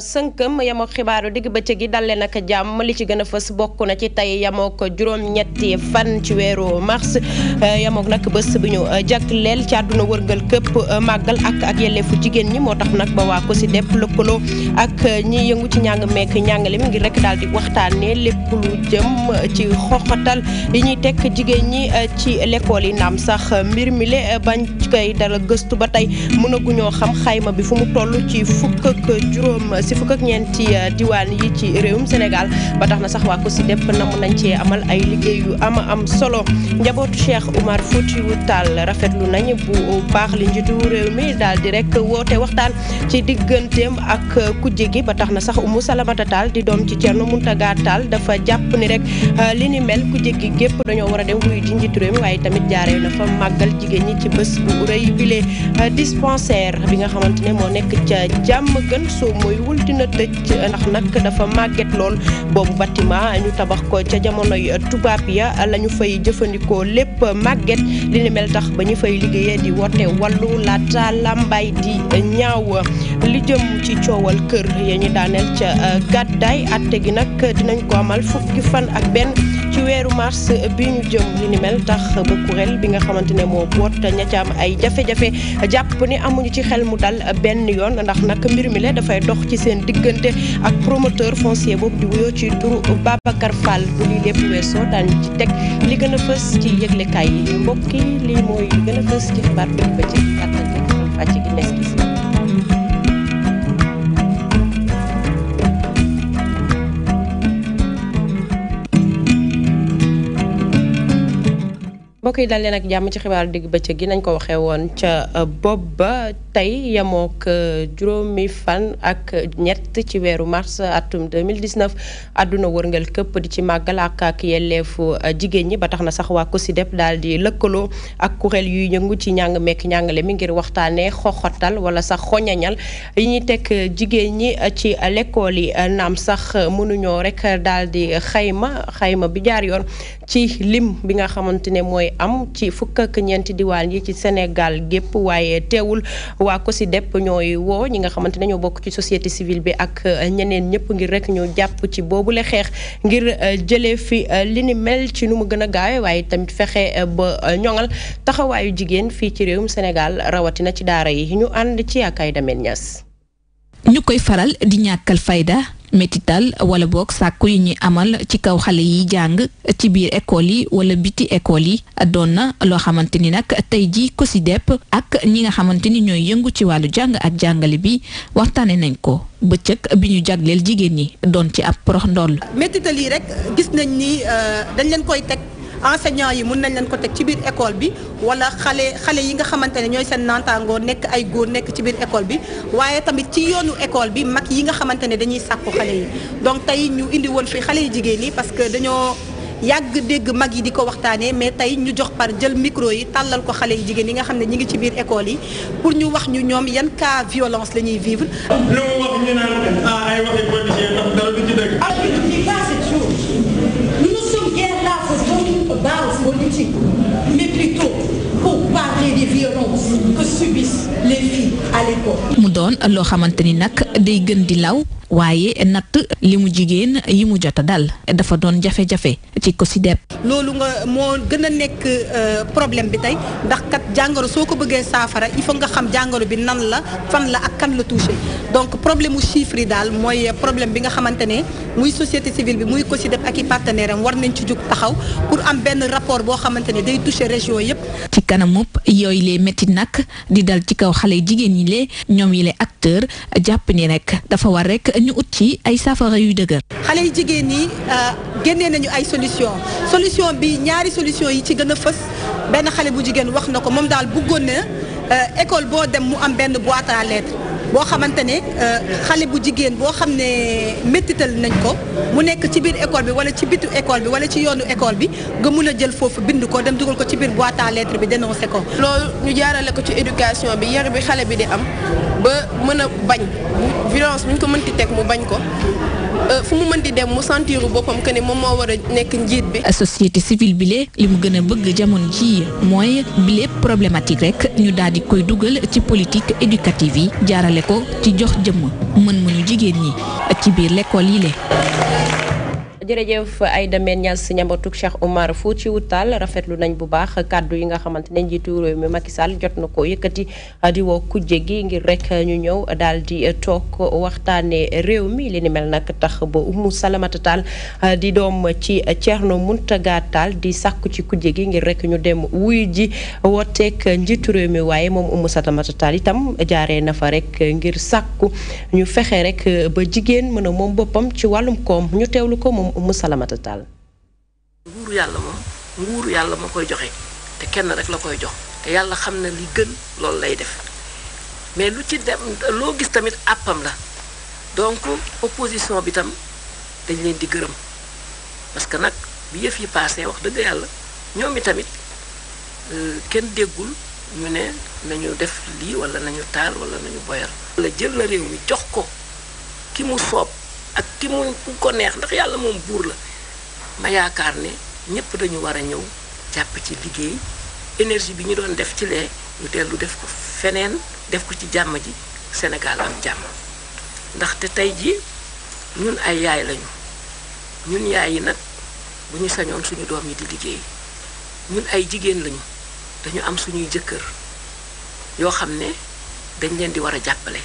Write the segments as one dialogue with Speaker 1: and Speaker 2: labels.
Speaker 1: sënkëm yamook xibaaru digg bëccëg gi dal leen ak jàmm li ci gën a fës bokk na ci tey ko juróom-ñetti fan ci weeru mars euh, yamook nag bés bi ñu euh, jagleel ci àdduna wërngal këpp euh, màggal ak ak yelleefu jigéen ñi moo tax nag ba waa ko si depp lëkkaloo ak ñi yëngu ci ñàng meek ñàngale mi ngir rek daal di waxtaanee lépp lu jëm ci xoxatal yi ñuy tekk jigéen ñi ci lekkool yi naam sax mbir mi le bañ koy dara gëstu ba tey mënaguñoo xam xayma bi fu mu toll ci fukk si fukk ak ñeenti euh, diwaan yi ci réewum Sénégal ba tax na sax waa COSYDEP namm nañ cee amal ay liggéey yu am am solo njabootu Cheikh Oumar Foutiyou rafet lu nañ bu baax li njiitu réew mi daal di rek woote waxtaan ci digganteem ak kujje gi ba tax na sax Oumou Salamata taal di doom ci Thierno Mountaga Tall dafa jàpp ni rek euh, li ni mel kujje gi gépp dañoo war a dem wuyu ji njiitu réew mi waaye tamit jaaree na fa màggal jigéen ñi ci bës bu rëy bile euh, bi nga xamante ne moo nekk ca jàmm gën soo teewul dina tëj ndax nag dafa màgget lool boobu bâtiment ñu tabax ko ca jamono jamonoy tubaab ya lañu fay jëfandikoo lépp màgget li ni mel tax ba ñu fay liggéeyee di woote wàllu laata làmbaay di ñaaw li jëm ci coowal kër ya ñu daaneel ca gàddaay atte gi nag dinañ ko amal fukki fan ak benn weeru mars bi ñu jëm li ni mel tax ba bi nga xamante ne moo boot ña ca am ay jafe-jafe jàpp ni amuñu ci xel mu dal benn yoon ndax nag mbir mi la dafay dox ci seen diggante ak promoteur foncier boobu di wuyoo ci turu Babacar Fall bu lii lépp weesoo daan ci teg li gën a fës ci yëglekaay yi mbokk yi mooy gën fës ci xibaar bi ba ci kàttan fàcc gi nekk mbokk yi dal leen ak jàmm ci xibaaru digg bëccëg gi nañ ko waxee woon ca euh, bopp ba tey yemook euh, juróomi fan ak ñett ci weeru mars atum 2019 àdduna wërngal këpp di ci màggal ak yelleefu euh, jigéen ñi ba tax na sax waa COSYDEP daal di lëkkaloo ak kuréel yuy yëngu ci njàng mekk ñàngale mi ngir waxtaanee xoxotal wala sax xoñañal yi ñu teg jigéen ñi ci lekkool yi naam sax mënuñoo rek daal di xayma xayma bi jaar yoon ci lim bi nga xamante ne mooy am ci fukk ak ñeenti diwaan yi ci Sénégal gépp waaye teewul waa ko COSYDEP ñooy woo ñi nga xamante ne ñoo bokk ci société civile bi ak euh, ñeneen ñëpp ngir rek ñu jàpp ci boobu boobule xeex ngir euh, jëlee fi euh, li ni mel ci nu mu gën a gaawee waaye tamit fexe ba ñoŋal taxawaayu jigéen fii ci réewum Sénégal rawatina ci daara yi ñu ànd ci ak ay dameen ñas
Speaker 2: ñu koy faral di ñàkkal fayda métital wala boog sàkku yi ñu amal ci kaw xale yi jàng ci biir école yi wala biti école yi doon na loo xamante ni nag tey ji ko si depp ak ñi nga xamante ni ñooy yëngu ci wàllu jàng ak jàngale bi waxtaane nañ ko bëccëg bi ñu jagleel jigéen ñi doon ci ab porox ndoll
Speaker 3: métital yi rek gis nañ ni euh, dañ leen koy teg enseignants yi mun nañ leen ko teg ci biir école bi wala xale xale yi nga xamante ne ñooy seen naataangoo nekk ay góor nekk ci biir école bi waaye tamit ci yoonu école bi mag yi nga xamante ne dañuy sàkku xale yi donc tey ñu indi woon fi xale yi jigéen yi parce que dañoo yàgg dégg mag yi di ko waxtaanee mais tey ñu jox par jël micro yi tàllal ko xale yi jigéen yi nga xam ne ñi ngi ci biir école yi pour ñu wax ñu ñoom yan cas violence la ñuy vivre. politique, mais plutôt pour parler des violences que subissent les filles
Speaker 2: mu doon loo xamante ni nag day gën di law waaye natt li mu jigéen yi mu jot a dal dafa doon jafe-jafe ci ko si deb
Speaker 3: loolu nga moo gën a nekk euh, problème bi tey ndax kat jàngoro soo ko bëggee saafara il faut nga xam jàngoro bi nan la fan la ak kan la touché donc problème mu chiffre yi daal mooy problème bi nga xamante ne muy société civile bi muy ko si deb ak i partenaire am war nañ ci jug taxaw pour am benn rapport boo xamante ne day touché région yëpp.
Speaker 2: ci kanam yooyu les métti nag di dal ci kaw xale jigéen ñi yile ñoom yile acteur jàpp ni rek dafa war rek ñu ut ci ay safara yuy dëgër.
Speaker 3: xale yi jigéen ñi euh, génnee nañu ay solution solution bi ñaari solution yi ci gën a fës benn xale bu jigéen wax na ko moom daal buggoon na euh, école boo dem mu am benn boîte à boo xamante ne euh, xale bu jigéen boo xam ne mettital nañ ko mu nekk ci biir école bi wala ci bitu école bi wala ci yoonu école bi nga mun a jël foofu bind ko dem dugal ko ci biir boîte à lettres bi dénoncé ko. loolu ñu jaarale ko ci éducation bi yar bi xale bi di am ba mën a bañ
Speaker 4: violence bu ñu ko mënti teg mu bañ ko. Euh, fu mu mën di dem mu sentiru boppam que ne moom moo war a nekk njiit bi. société civile bi lee li mu gën a bëgg jamono jii mooy bi lépp
Speaker 2: problématique rek ñu daal di koy dugal ci politique éducative yi jaarale ko ci jox jëmm mën-mënu jigéen ñi ak ci biir lekkool yi le
Speaker 1: jërëjëf Aïda Mbène Niass ñambatuk Cheikh Oumar Foutiyou Tall rafetlu nañ bu baax kàddu yi nga xamante ne njiitu réew mi Macky Sall jot na ko yëkkati di woo kujje gi ngir rek ñu ñëw daal di toog waxtaane réew mi li ni mel nag tax ba Oumou Salamata Tall di doom ci Thierno Mountaga Tall di sàkku ci kujje gi ngir rek ñu dem wuy ji wooteek njiitu réew mi waaye moom Oumou Salamata Tall itam jaaree na fa rek ngir sàkku ñu fexe rek ba jigéen mën a moom boppam ci wàllum koom ñu teewlu ko moom moom Oumou Salamata Tall
Speaker 5: nguuru yàlla moom nguuru yàlla moo koy joxe te kenn rek la koy jox te yàlla xam na li gën loolu lay def mais lu ci dem loo gis tamit àppam la donc opposition bi tam dañ leen di gërëm parce que nag bi yëf yi paase wax dëgg yàlla ñoom i tamit euh, kenn déggul ñu ne nañu def lii wala nañu taal wala nañu boyal. wala jël na réew ñu jox ko ki mu soob. ak ki mu ko neex ndax yàlla moom buur la ma yaakaar ne ñépp dañu war a ñëw jàpp ci liggéey énergie bi ñu doon def ci lee ñu lu def ko feneen def ko ci jàmm ji Sénégal am jàmm ndaxte tey jii ñun ay yaay lañu ñun yaay yi nag bu ñu sañoon suñu doom yi di liggéey ñun ay jigéen lañu dañu am suñuy jëkkër yoo xam ne dañ leen di war a jàppale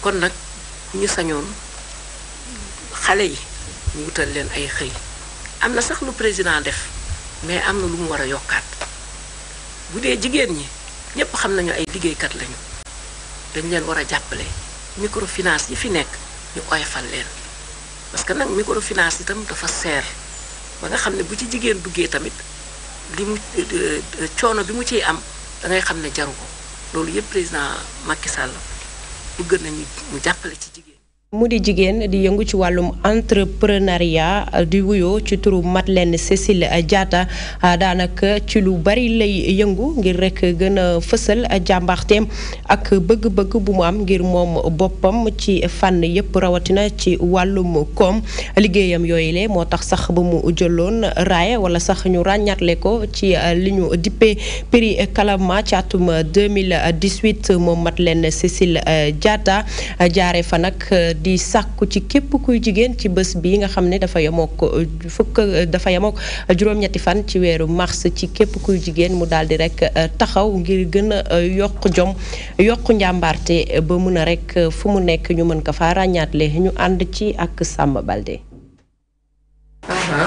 Speaker 5: kon nag ñu sañoon xale yi mu wutal leen ay xëy am na sax lu président def mais am na lu mu war a yokkaat bu dee jigéen ñi ñépp xam nañu ay liggéeykat lañu dañ leen war a jàppale microfinance yi fi nekk ñu oyofal leen parce que nag yi itam dafa seer ba nga xam ne bu ci jigéen duggee tamit li mu euh, coono bi mu ciy am da ngay xam ne jaru ko loolu yépp président Macky Sall bëgg nañu mu jàppale ci jigéen
Speaker 1: mu di jigéen di yëngu ci wàllum entrepreneuriat euh, di wuyoo ci turu mat Madeleine Cécile jaata euh, euh, daanaka ci lu bari lay yëngu ngir rek gën a fësal jàmbaarteem ak bëgg-bëgg bu mu am ngir moom boppam ci fànn yépp rawatina ci wàllum koom liggéeyam yooyu le moo tax sax ba mu jëloon raaye wala sax ñu ràññaatle ko ci li ñu dippee prix Kalama ci atum 2018 moom Madeleine Cécile Diatta jaare fa nag di sàkku ci képp kuy jigéen ci bés bi nga xam ne dafa yemook euh, fukk euh, dafa yemook euh, juróom-ñetti fan ci weeru mars ci képp kuy jigéen mu daal di rek taxaw ngir gën a yokk jom yokk njàmbaarte ba mun a rek fu mu nekk ñu mën ko fa ràññaatle ñu ànd ci ak Samba Balde.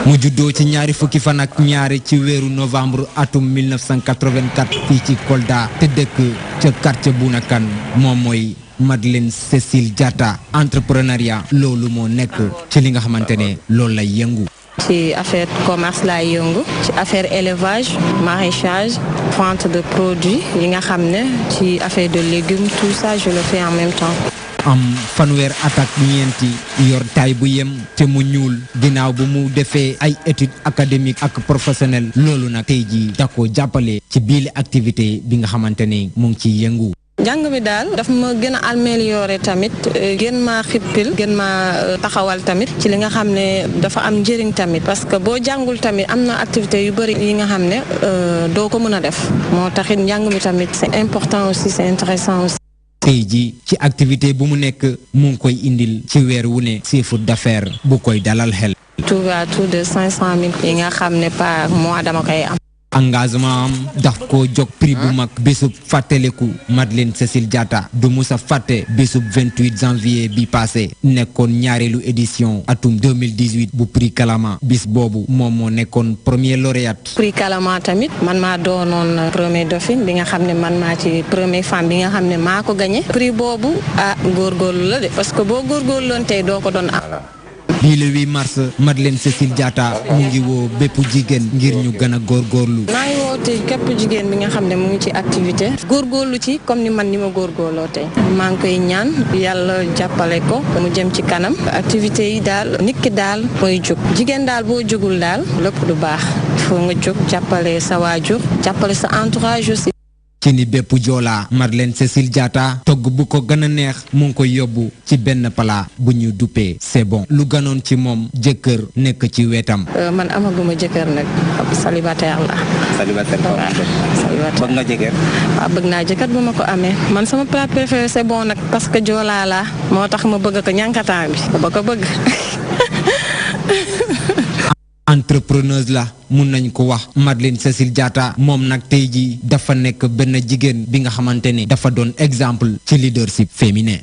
Speaker 6: mu juddoo ci ñaari fukki fan ak ñaari ci weeru novembre atum 1984 fii ci Kolda te dëkk ca quartier Bunakan moom mooy. Madeleine Cécile Diatta entrepreneuriat loolu moo nekk ci li nga xamante ne loolu lay yëngu. ci
Speaker 7: affaire commerce laay yëngu ci affaire élevage maraîchage vente de produits yi nga xam ne ci affaire de légumes tout ça je le fais en même temps.
Speaker 6: am fanweer attaque ñeenti yor taay bu yem te mu ñuul ginnaaw bu mu defee ay études académiques ak professionnelles loolu nag tey jii da jàppale ci biir activité bi nga xamante ne mu ngi yëngu.
Speaker 7: jàng mi daal dafa ma gën a améliorer tamit euh, gën maa xippil gën maa euh, taxawal tamit ci li nga xam ne dafa am njëriñ tamit parce que boo jàngul tamit am na activité yu bëri yi nga xam ne euh, doo ko mën a def moo taxit njàng mi tamit c'est important aussi c'est intéressant aussi.
Speaker 6: ji ci activité bu mu nekk mu ngi koy indil ci weer wu ne chiffre d'affaires bu koy dalal xel.
Speaker 7: tout à tout de 500000 yi nga xam ne par mois dama koy am.
Speaker 6: engagement am ndax koo jog prix bu ah. mag bésub fàttaliku Madeleine Cécile Diatta du musa fàtte bésub 28 janvier bi passé nekkoon ñaareelu édition atum 2018 bu prix Kalama bis boobu moom moo nekkoon premier lauréat.
Speaker 7: prix Kalama tamit man maa doonoon premier dauphine bi nga xam ne man maa ci bi nga xam ne maa ko gagné prix boobu ah góorgóorlu la de parce que boo góorgóorloon tey doo ko doon am.
Speaker 6: lii le 8 mars leen Cécile Diatta mu ngi woo bépp jigéen ngir ñu gën a góorgóorlu.
Speaker 7: maa ngi woo tey képp jigéen bi nga xam ne mu ngi ci activité. góorgóorlu ci comme ni man ni ma góorgóorloo tey. maa ngi koy ñaan yàlla jàppale ko mu jëm ci kanam activité yi daal nit ki daal mooy jóg jigéen daal boo jógul daal lépp du baax. foo nga jóg jàppale sa waajur jàppale sa entourage aussi
Speaker 6: ci ni bépp joolaa Marlène Cécile Diatta togg bu ko gën a neex mu ngi koy yóbbu ci benn palaa bu ñu duppee sebon lu ganoon ci moom jëkkër nekk ci wetam. Euh,
Speaker 7: man amaguma jëkkër nag célibataire la.
Speaker 6: célibataire bëgg nga jëkkër.
Speaker 7: Ah, naa jëkkër bu ma ko amee man sama plat préféré c'est nag parce que joolaa moo tax ma bëgg ko ñànkataan bi ba ko bëgg.
Speaker 6: entrepreneuse la mun nañ ko wax Madeleine Cécile Diatta moom nag tey jii dafa nekk benn jigéen bi nga xamante ni dafa doon exemple ci leadership féminin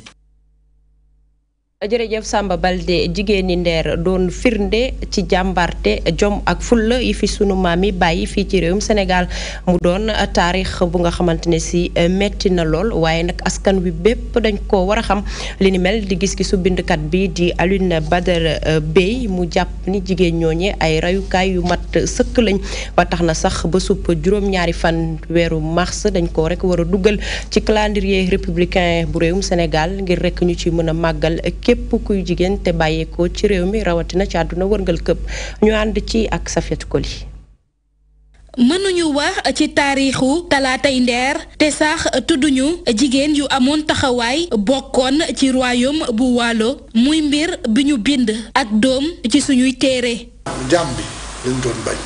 Speaker 1: jërëjëf sàmba Balde jigéen ñi ndeer doon firnde ci jàmbarte jom ak fulla yi fi sunu maam yi bàyyi fii ci réewum Sénégal mu doon taarix bu nga xamante ne si eh, metti na lool waaye nag askan wi bépp dañ ko war a xam li ni mel di gis gisu bindkat bi di Alioune Badara eh, Bèye mu jàpp ni jigéen ñooñe ay rayukaay yu mat sëkk lañ ba tax na sax ba sup juróom-ñaari fan weeru mars dañ ko rek war a dugal ci calendrier républicain bu réewum Sénégal ngir rek ñu ci mën a màggal képp kuy jigéen te bàyyeekoo ci réew mi rawatina ci àdduna wërngal këpp ñu ànd ci ak safet ko Safiatou
Speaker 8: Koli. mënuñu wax ci taarixu talaatay ndeer te sax tudduñu jigéen yu amoon taxawaay bokkoon ci royaume bu waalo muy mbir bi ñu bind ak doom ci suñuy téere
Speaker 9: jàmm bi lañ doon bañ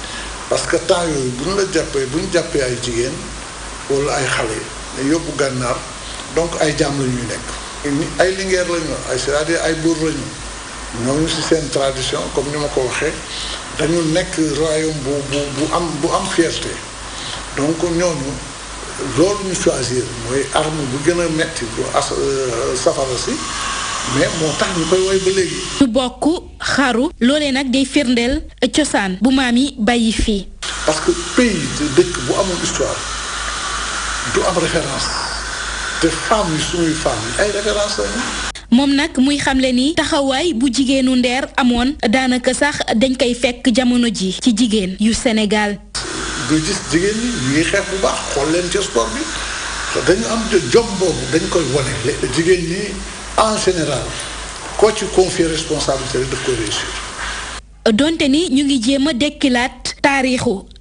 Speaker 9: parce que temps yooyu bu ñu la jàppee bu jàppee ay jigéen walla ay xale yóbbu gànnaar donc ay jàmm la nekk ay lingeer lañu ay c'est-à-dire ay buur lañu ñooñu si seen tradition comme ni ma ko waxee dañu nekk royaume bu bu bu am bu am fierté donc ñooñu loolu ñu choisir mooy arme bu gën a metti bu as euh, safara si mais moo tax ñu koy woy ba léegi.
Speaker 8: ñu bokk xaru. loolee nag day firndeel cosaan. bu maam yi bàyyi fii.
Speaker 9: parce que pays dëkk bu amul histoire du am référence. te femmes yi suñuy femmes yi ay références lañu.
Speaker 8: moom nag muy xamle ni taxawaay bu jigéenu ndeer amoon daanaka sax dañ koy fekk jamono ji ci jigéen yu Sénégal.
Speaker 9: nga gis xeex bu baax xool leen ci sport bi dañu am jom boobu dañ koy wone jigéen ñi en général koo ci confier responsabilité rek daf koy réussir.
Speaker 8: donte ni ñu ngi jéem a dekkilaat taarixu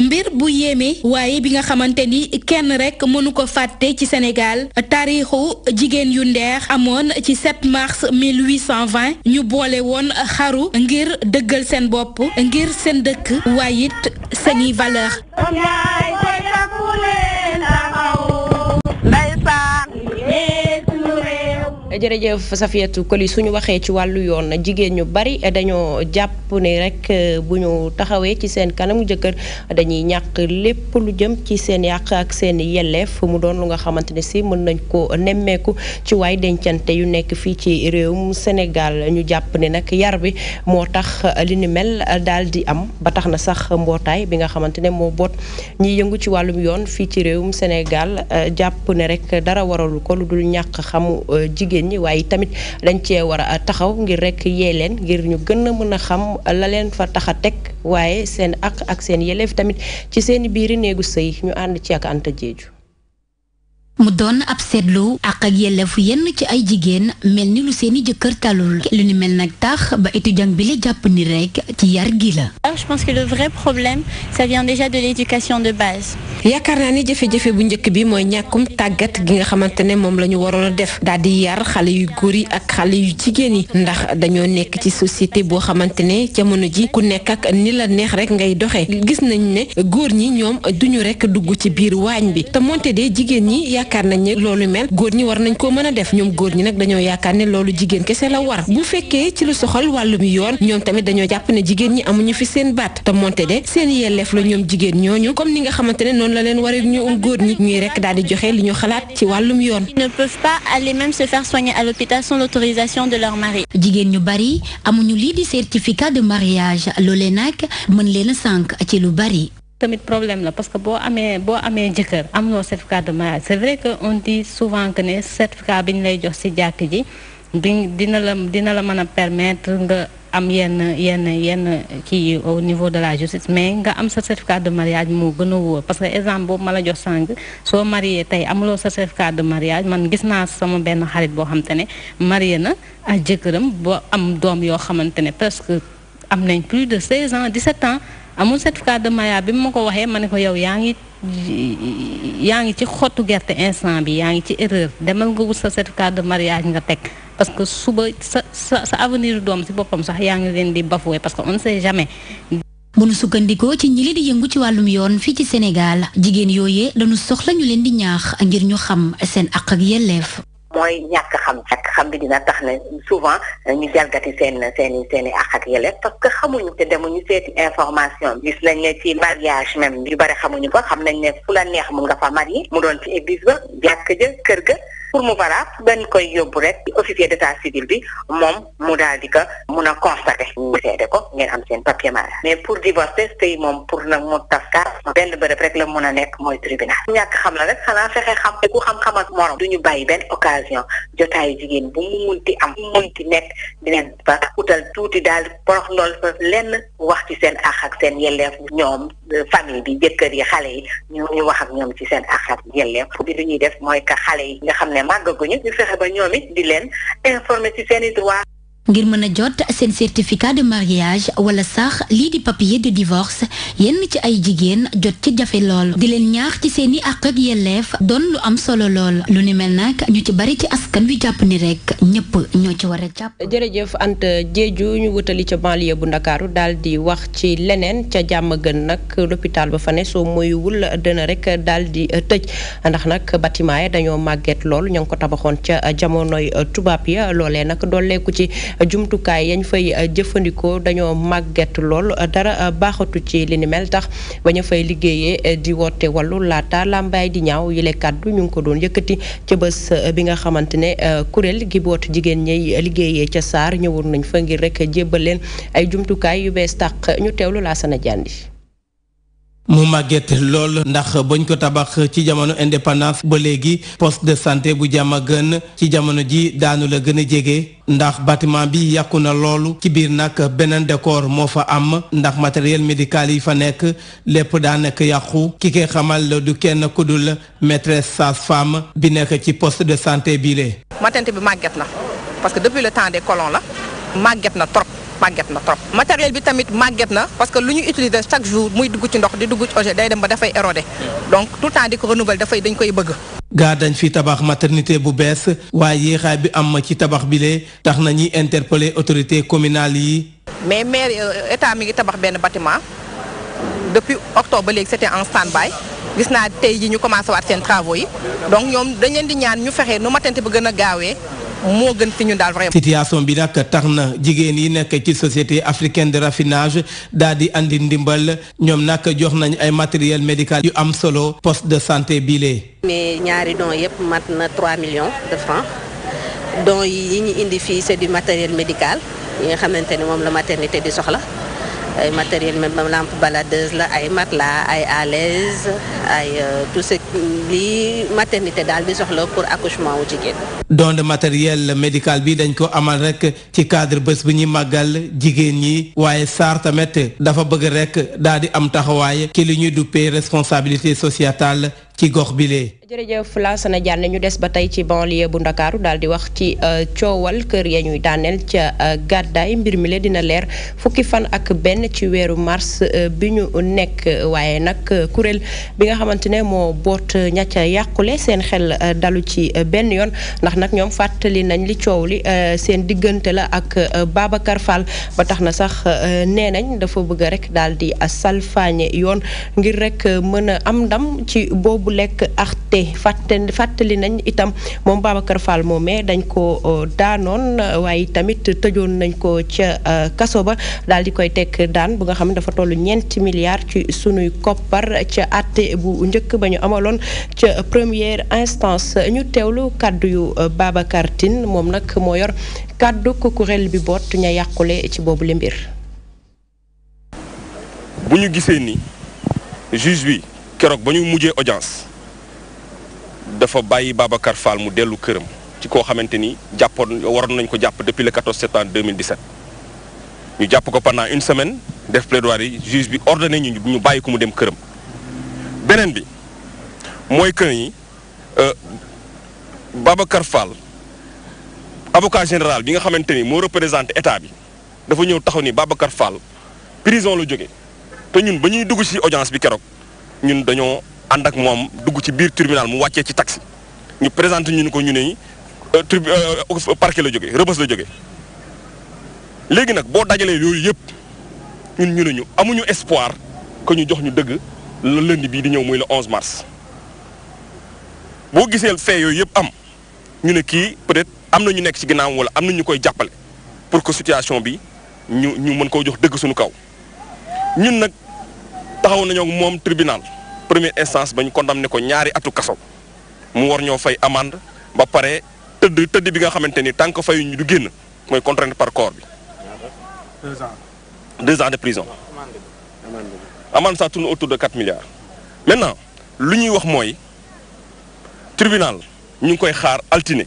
Speaker 8: mbir bu yéeme waaye bi nga xamante ni kenn rekk mënu ko fàtte ci Sénégal taarixu jigéen yu ndeex amoon ci 7 mars 1820 ñu boole woon xaru ngir dëggal seen bopp ngir seen dëkk waay it seeni valeur
Speaker 7: ndeysaan
Speaker 1: jërëjëf Safiatou Coly suñu waxee ci wàllu yoon jigéen ñu bari dañoo jàpp ne rek euh, bu ñu taxawee ci seen kanamu jëkkër dañuy ñàkk lépp lu jëm ci seen yàq ak seen yelleef mu doon lu nga xamante ne si mën nañ ko nemmeeku ci waay dencante yu nekk fii ci réewum Sénégal ñu jàpp ne nag yar bi moo tax li ni mel daal di am ba tax na sax mbootaay bi nga xamante ne moo boot ñiy yëngu ci wàllum yoon fii ci réewum Sénégal euh, jàpp ne rek dara waralu ko lu dul ñàkk xamu euh, jigéen jigéen ñi waaye tamit dañ cee war a taxaw ngir rek yee leen ngir ñu gën a mën a xam la leen fa tax a teg waaye seen ak ak seen yelleef tamit ci seen biiri néegu sëy ñu ànd ci ak Anta Diédhiou
Speaker 10: mu doon ab seetlu ak ak yelleefu yenn ci ay jigéen mel ni lu seeni jëkkër talul lu ni mel nag tax ba étudiant bi la jàpp ni rek ci yar gi la.
Speaker 7: je pense que le vrai
Speaker 10: problème ça vient déjà de naa
Speaker 4: ni jafe bu njëkk bi mooy ñàkkum tàggat gi nga xamante ne moom lañu ñu waroon a def daal di yar xale yu góor yi ak xale yu jigéen yi ndax dañoo nekk ci société boo xamante ne jamono ji ku nekk ak ni la neex rek ngay doxee gis nañ ne góor ñi ñoom duñu rek dugg ci biir waañ bi te moonte de jigéen ñi yaakaar nañ ne loolu mel góor ñi war nañ koo mën a def ñoom góor ñi nag dañoo yaakaar ne loolu jigéen kese la war bu fekkee ci lu soxal wàllum yoon ñoom tamit dañoo jàpp ne jigéen ñi amuñu fi seen baat te moonte de seen yelleef la ñoom jigéen ñooñu comme ni nga xamante ne noonu la leen ñu ñoom góor ñi ñuy rek daal di joxe li
Speaker 10: ñu xalaat ci wàllum yoon. Ils ne peuvent pas aller même se faire soigner à l'hôpital sans l'autorisation de leur mari. jigéen ñu bari amuñu lii di certificat de mariage loolee nag mën leen a sànq ci lu bari
Speaker 8: tamit problème la parce que boo amee boo amee jëkkër amuloo certificat de mariage c'est vrai que on dit souvent que ne certificat bi ñu lay jox ci jàkk ji di dina la dina la mën a permettre nga am yenn yenn yenn kii au niveau de la justice mais nga am sa certificat de mariage moo gën a wóor parce que exemple boobu ma la jox sànq soo marié tey amuloo sa certificat de mariage man gis naa sama benn xarit boo xam ne marié na ak jëkkëram boo am doom yoo xamante ne presque am nañ plus de 16 ans 17 ans amul certificat de mariage bi mu ma ko waxee ma ne ko yow yaa ngi yaa ngi ci xottu gerte instant bi yaa ngi ci erreur demal nga wut sa certificat de mariage nga teg parce que suba sa sa sa avenir doom ci boppam sax yaa ngi leen di bafoué parce que on ne sait jamais.
Speaker 10: bu nu sukkandikoo ci ñi leen di yëngu ci wàllum yoon fii ci Sénégal jigéen yooyee dañu soxla ñu leen di ñaax ngir ñu xam seen ak ak yelleef.
Speaker 7: mooy ñàkk xam ñàkk xam bi dina tax na souvent ñu jalgati seen seen seen i ak yelleef parce que xamuñu te demuñu seeti information gis nañ ne ci mariage yu bari xamuñu ko xam nañ ne fu neex mun nga fa marié mu doon ci église ba jàkk ja kër ga pour mu valable benn koy yóbbu rek officier d'état civil bi moom mu daal di ko mun a constater. mu seede ko ngeen am seen papier mariage mais pour divorcer tey moom pour nag mu tas benn bërëb rek la mën a nekk mooy tribunal ñàkk xam la rek xanaa fexe xam te ku xam-xam ak morom du ñu bàyyi benn occasion jotaayu jigéen bu mu munti am bu mu munti nekk dinañ ba utal daal porox ndool fa lenn wax ci seen àq ak seen yelleef ñoom euh, famille bi jëkkër yi xale yi ñu ñu wax ak ñoom ci seen àq ak yelleef bi du ñuy def mooy que xale yi nga xam ne màggaguñu ñu fexe ba ñoom it di leen informer ci seen i
Speaker 10: ngir mën a jot seen certificat de mariage wala sax lii di papier de divorce yenn ci ay jigéen jot ci jafe lool di leen ñaax ci seeni àq ak yelleef doon lu am solo lool lu ni mel nag ñu ci bari ci askan wi jàpp ni rek ñëpp ñoo ci war a jàpp.
Speaker 1: jërëjëf ant Diédhiou ñu wutali ca banlieue bu Ndakaaru daal di wax ci leneen ca jàmm gën nag l'hôpital ba fa ne soo moywul dana rek daal di tëj ndax nag bâtiment yi dañoo màgget lool ñoo ngi ko tabaxoon ca jamonoy tubaab ya loolee nag dolleeku ci. jumtukaay yañ fay euh, jëfandikoo dañoo màgget lool dara euh, baaxatu ci li ni tax ba ñu fay liggéeyee euh, di woote wallu laa làmbaay di ñaaw yile kàddu ñu ngi ko doon yëkkati ca bés bi nga xamante ne kuréel gi boot jigéen ñiy liggéeyee ca saar ñëwul nañ fa ngir rek jébbal leen ay jumtukaay yu bees tàq ñu teewlu laa sana jàndi
Speaker 11: mu màgget lool ndax bañ ko tabax ci jamono indépendance ba léegi poste de santé bu jàmm a gën ci jamono ji daanu la gën a jege ndax bâtiment bi yàqu na loolu ci biir nag beneen décor moo fa am ndax matériel médical yi fa nekk lépp daanaka yàqu ki koy xamal la du kenn kudul maîtresse sage-femme bi nekk ci poste de santé bii le
Speaker 3: matante bi màgget na parce que depuis le temps de colons la màgget na trop. màgget na trop matériel bi tamit màgget na parce que lu ñu utiliser chaque jour muy dugg ci ndox di dugg ci eau day dem ba dafay érodé donc tout temps di ko renouveler dafay dañ koy bëgg.
Speaker 11: gaa dañ fi tabax maternité bu bees waaye yéexaay bi am ci tabax bile tax na interpeller autorité communale yi.
Speaker 3: mais maire euh, état mi ngi tabax benn bâtiment depuis octobre ba c'était en stand-by gis naa tey ji ñu commencé waat seen travaux yi donc ñoom dañ leen di ñaan ñu fexe nu maternité bi gën a c'est gën ñun vraiment.
Speaker 11: situation bi nak taxna na yi nek ci société africaine de raffinage dadi di andi ndimbal ñom nak jox nañ ay matériel médical yu am solo poste de santé lé
Speaker 10: mais ñaari
Speaker 4: don yépp mat na 3 millions de francs don yi ñi indi du matériel médical yi nga xamante ni la maternité di soxla ay matériel même lampe baladeuse la ay matelas ay à l'aise ay euh, tout ce li maternité dal di soxlo pour accouchement wu jigéen.
Speaker 11: don de matériel médical bi dañ ko amal rek ci cadre bëss bi ñi magal jigéen ñi waye SAR tamit dafa bëgg rek dal di am taxawaay ki li ñuy duppee responsabilité sociétale ci gox bilee
Speaker 1: jërëjëf na Lansana Diané ñu des ba tey ci banlieue bu ndakaaru daal di wax ci euh, coowal kër ya ñuy daaneel ca euh, gàddaay mbir mi le dina leer fukki fan ak benn ci weeru mars euh, bi ñu nekk waaye nag kuréel bi nga xamante ne moo boot ñàcca yàqule seen xel dalu ci benn yoon ndax nag ñoom fàttali nañ li coow li seen diggante la ak Babacar Fall ba tax na sax nee nañ dafa bëgg rek daal di salfaañe yoon ngir rek mën a am ndam ci boobu bu lekk arte fàtte fàttali nañ itam moom Babacar Fall moomee dañ ko euh, daanoon waaye tamit tëjoon nañ ko ca euh, kaso ba daal di koy tekk daan bu nga xam ne dafa toll ñeenti milliards ci sunuy koppar ca atte bu njëkk ba ñu amaloon ca première instance ñu teewlu kàddu yu euh, Babacar Tine moom nag moo yor kàddu ku bi boot ña yàqule ci boobu le mbir
Speaker 12: keroog ba ñu mujjee audience dafa bàyyi Babacar Fall mu dellu këram ci koo xamante ni jàppoon waroon nañ ko jàpp depuis le 14 septembre 2017 ñu jàpp ko pendant une semaine def plaidoirie juge bi ordonné ñu ñu bàyyi ko mu dem këram beneen bi mooy que ni euh, Babacar Fall avocat général bi nga xamante ni moo représenté état bi dafa ñëw taxaw ni Babacar Fall prison la jóge te ñun ba ñuy dugg ci audience bi keroog. ñun dañoo ànd ak moom dugg ci biir tribunal mu wàccee ci taxi ñu présenté ñu ni ko ñu ne euh, tri euh, parquet la jóge rëbës la jógee léegi nag boo dajalee yooyu yëpp ñun ñu ne ñu amuñu espoir que ñu jox ñu dëgg le lundi bii di ñëw muy le 11 mars. boo gisee fee yooyu yëpp am ñu ne kii peut-être am na ñu nekk ci ginnaaw walla am na ñu koy jàppale pour ko situation bi ñu ñu mën koo jox dëgg suñu kaw ñun nag taxaw nañoo moom tribunal première instance ba condamné ko ñaari atu kasso mu war ñoo fay amende ba pare tëdd tëdd bi nga xamante ni tant que fayuñu du génn mooy contrainte par corps bi. deux ans deux ans de prison. amende ça tourne autour de 4 milliards. maintenant lu ñuy wax mooy tribunal ñu ngi koy xaar altiné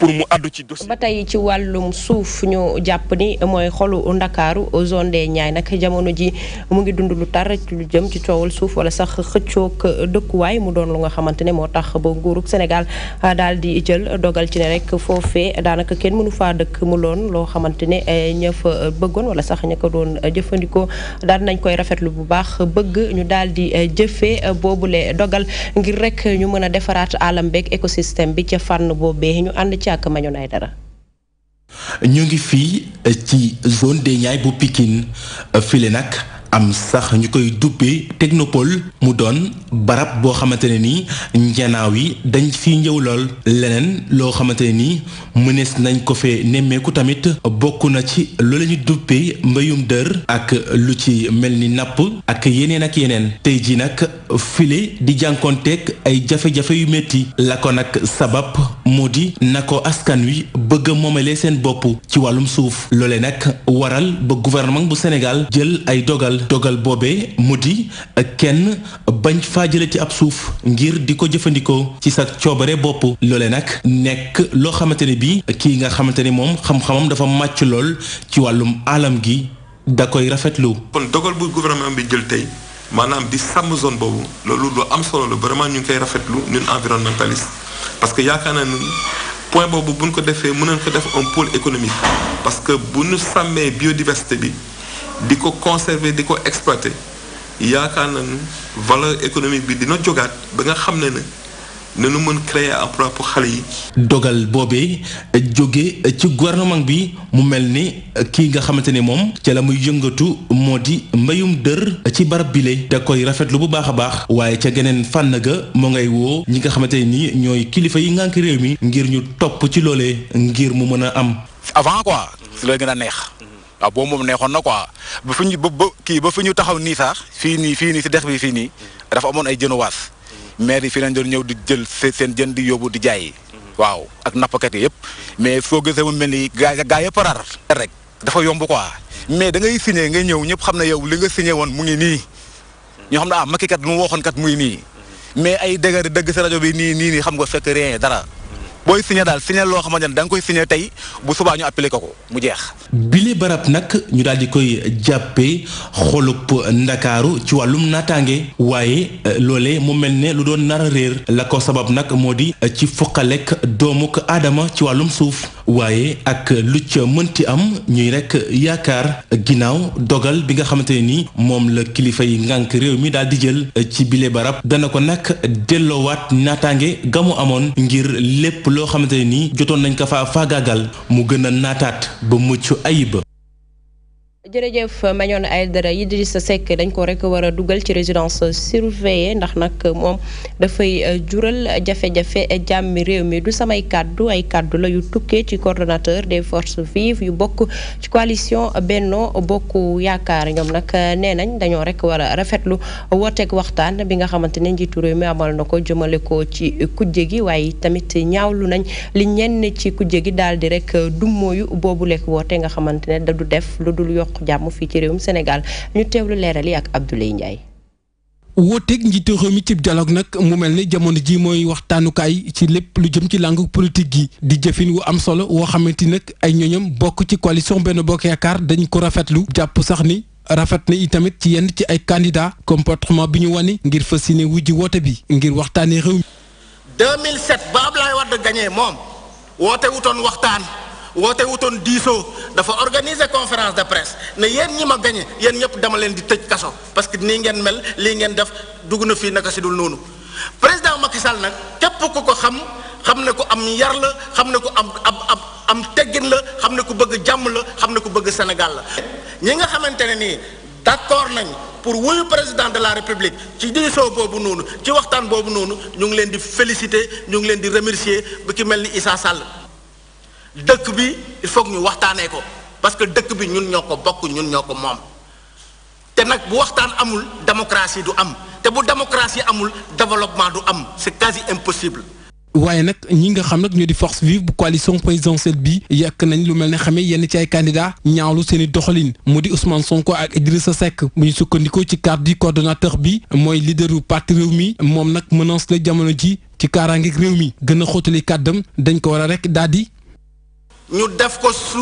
Speaker 12: pour mu àddu ci
Speaker 1: dossier. ba tey ci wàllum suuf ñu jàpp ni mooy xolu Ndakaaru zone des ñaay nag jamono ji mu ngi dund lu tar lu jëm ci coowal suuf wala sax xëccoog dëkkuwaay mu doon lu nga xamante ne moo tax ba nguurug Sénégal ah, daal di jël dogal ci ne rek foofe daanaka kenn mënu fa dëkk mu loon loo xamante ne eh, ña fa bëggoon wala sax ña ko doon jëfandikoo daal nañ koy rafetlu bu baax bëgg ñu daal di eh, jëfee boobule dogal ngir rek ñu mën a defaraat alam beeg bi ca fànn càkk Mañoon Aydara
Speaker 13: ñu ngi fii eh, ci zone des Niayes bu pikin eh, file nag am sax ñu koy duppee technopole mu doon barab bo xamante ne ni njanaaw yi dañ fiy ñew lol leneen lo xamante nañ ko tamit bokku na ci ñu ak lu ci melni nap ak yeneen ak yeneen ji file di jànkoonteeg ay jafé jafé yu metti la ko nak sabab modi Nako askan wi bëgg momalé seen ci walum suuf lolé nak waral ba gouvernement bu Sénégal jël ay dogal dogal dogal boobe mu di eh, kenn bañ faa jële ci ab suuf ngir di ko jëfandikoo ci sa coobare bopp loole nag nekk loo xamante ni bii eh, kii nga xamante ni moom xam-xamam dafa màcc lool ci wàllum alam gi da koy rafetlu.
Speaker 12: kon dogal bu gouvernement bi jël tey maanaam di sàmm zone boobu loolu lu am solo lu vraiment ñu ngi koy rafetlu ñun environnementaliste parce que yaakaar na naa point boobu bu ñu ko defee mën nañ ko def un pôle économique parce que bu ñu sàmmee biodiversité bi. di ko conserver di ko exploiter yaakaar nañu valeur économique bi dina jógaat ba nga xam ne ne nanu mën créer emploi pour xale yi.
Speaker 13: dogal boobee jóge ci gouvernement bi mu mel ni kii nga xamante ne moom ca la muy yëngatu moo di mbayum dër ci barab bile da koy rafetlu bu baax a baax waaye ca geneen fànn ga mu ngay woo ñi nga xamante ni ñooy kilifa yi ngànk réew mi ngir ñu topp ci loolee ngir mu mën a am. avant quoi. su la gën a neex. waaw boobu moom neexoon na quoi ba fu ñu ba ba kii ba fu ñu taxaw nii sax fii nii fii nii si dex bi fii nii dafa amoon ay jënu waas maire yi fii lañ doon ñëw di jël seen jën di yóbbu di jaay waaw ak kat yi yëpp mais soo gisee mu mel ni gaa gaa yëpp rar rek dafa yomb quoi mais da ngay signé nga ñëw ñëpp xam ne yow li nga si woon mu ngi nii ñoo xam ne ah makki kat lu mu waxoon kat muy nii mais ay dëgër dëgg si rajo bi nii nii nii xam nga fekk rien dara booy signé daal signé loo xamante ne danga koy signé tey bu subaa ñu appeler ko ko mu jeex. bile barab nag ñu daal di koy jàppe xolub ndakaaru ci wàllum naataange waaye euh, loole mu mel ne lu doon nara réer la ko sabab nag moo di euh, ci foqalek doomuk aadama ci wàllum suuf waaye ak lu ca mënti am ñuy rek yaakaar ginnaaw dogal bi nga xamante ne ni moom la kilifa yi ngànk réew mi daal di jël euh, ci bile barab dana ko nag delloowaat naataange gamu amoon ngir lépp. loo xamante ne nii jotoon nañu ko faa faagaagal mu gën a naataat ba mucc ayi ba
Speaker 1: jërëjëf Mañone di sa Seck dañ ko rek war a dugal ci résidence surveillée ndax nag moom dafay euh, jural jafe-jafe jàmmi réew mi du samay kàddu ay kàddu la yu tukkee ci coordonnateur des forces vives yu bokk ci coalition Benno Bokk Yaakaar ñoom nag euh, nee nañ dañoo rek war a rafetlu wooteeg waxtaan bi nga xamante ne njiitu réew mi amal na ko jëmale ko ci kujje gi waaye tamit ñaawlu nañ li ñenn ci kujje gi daal di rek euh, dummooyu boobu lekk woote nga xamante ne da du def lu dul yokk jàmm fii ci réewum Sénégal ñu teewlu leeral yi ak Abdoulaye Ndiaye.
Speaker 14: wooteeg njiitu réew mi cib dialogue nag mu mel ni jamono ji mooy waxtaanukaay ci lépp lu jëm ci langue politique yi di jëfin wu am solo woo xamante nag ay ñoñam bokk ci coalition benn bokk yaakaar dañ ko rafetlu jàpp sax ni rafet na itamit ci yenn ci ay candidat comportement bi ñu wane ngir fas yéene wujji woote bi ngir waxtaanee réew mi.
Speaker 15: 2007 ba Abdoulaye Wade gagné moom woote wutoon waxtaan. woote wutoon diisoo dafa organiser conférence de presse ne yéen ñi ma gañe yéen ñëpp dama leen di tëj kaso parce que nii ngeen mel lii ngeen def dugg na fii naka si dul noonu président Macky Sall nag képp ku ko xam xam ne ku am yar la xam ne ku am am am am teggin la xam ne ku bëgg jàmm la xam ne ku bëgg Sénégal la. ñi nga xamante ne nii d'accord nañ pour wuyu président de la république ci diisoo boobu noonu ci waxtaan boobu noonu ñu ngi leen di féliciter ñu ngi leen di remercier bu ki mel ni Issa Sall. dëkk bi foog faut ñu waxtaanee ko parce que dëkk bi ñun ñoo ko bokk ñun ñoo ko moom te nag bu waxtaan amul démocratie du am te bu démocratie amul développement du am c'est quasi impossible.
Speaker 14: waaye nag ñi nga xam nag ñoo di force vive bu coalition présidentielle bi yàq nañ lu mel ne xamee yenn ci ay candidats ñaawlu seen doxalin mu di Ousmane Sonko ak Idrissa sa bu ñu sukkandikoo ci carte du coordonnateur bi mooy leader parti réew mi moom nag menace la jamono ci kaaraangeeg réew mi gën a xóotali kàddam dañ ko war a rek daal di. ñu def ko su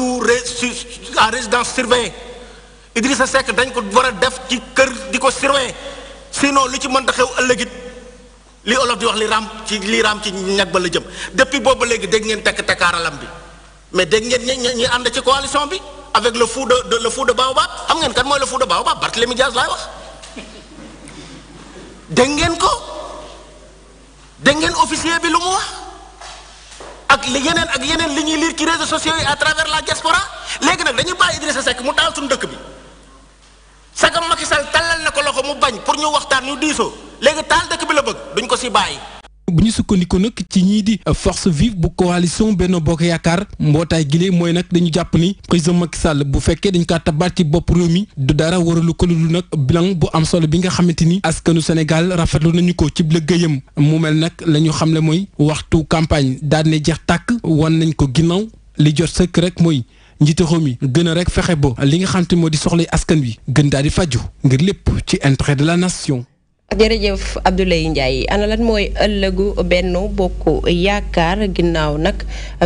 Speaker 15: à résidence surveillée Idrissa Seck dañ ko war a def ci kër di ko surveiller sinon lu ci mënta xew ëllëgit li olof di wax li raam ci li raam ci ñag ba la jëm depuis boobu léegi dégg ngeen tekk tekkaaralam bi mais dégg ngeen ñi ñi ànd ci coalition bi avec le fou de le fou de Baobab xam ngeen kan mooy le fou de Baobab Barthélémy Dias laay wax dégg ngeen ko dégg ngeen officier bi lu mu wax. ak li yeneen ak yeneen li ñuy lire ci réseaux sociaux yi à travers la diaspora léegi nag dañuy bàyyi Idrissa Seck mu taal suñu dëkk bi sagam Macky tallal ne ko loxo mu bañ pour ñu waxtaan ñu diisoo léegi taal dëkk bi la bëgg duñ ko si bàyyi.
Speaker 14: bu ñu sukkandiku ci ñi di force vive bu coalition Benno Bokk Yakar mbotay gilee moy nak dañu japp ni président Macky Sall bu féké dañ kaa tabaat ci bop réew mi du dara waralu ko lu nak bilan bu am solo bi nga xamanteni askanu Sénégal rafetlu nañu ko ci liggéeyam mu mel nak lañu xamle waxtu campagne daal ne jex tak won nañ ko ginnaw li jot sëkk rek moy njiite réew mi rek fexé bo li nga xam modi soxlay askan wi gën daal di faju ngir lépp ci intérêt de la nation
Speaker 1: jërëjëf Abdoulaye Ndiaye ana lan mooy ëllëgu Benno Bokk Yaakaar ginnaaw nag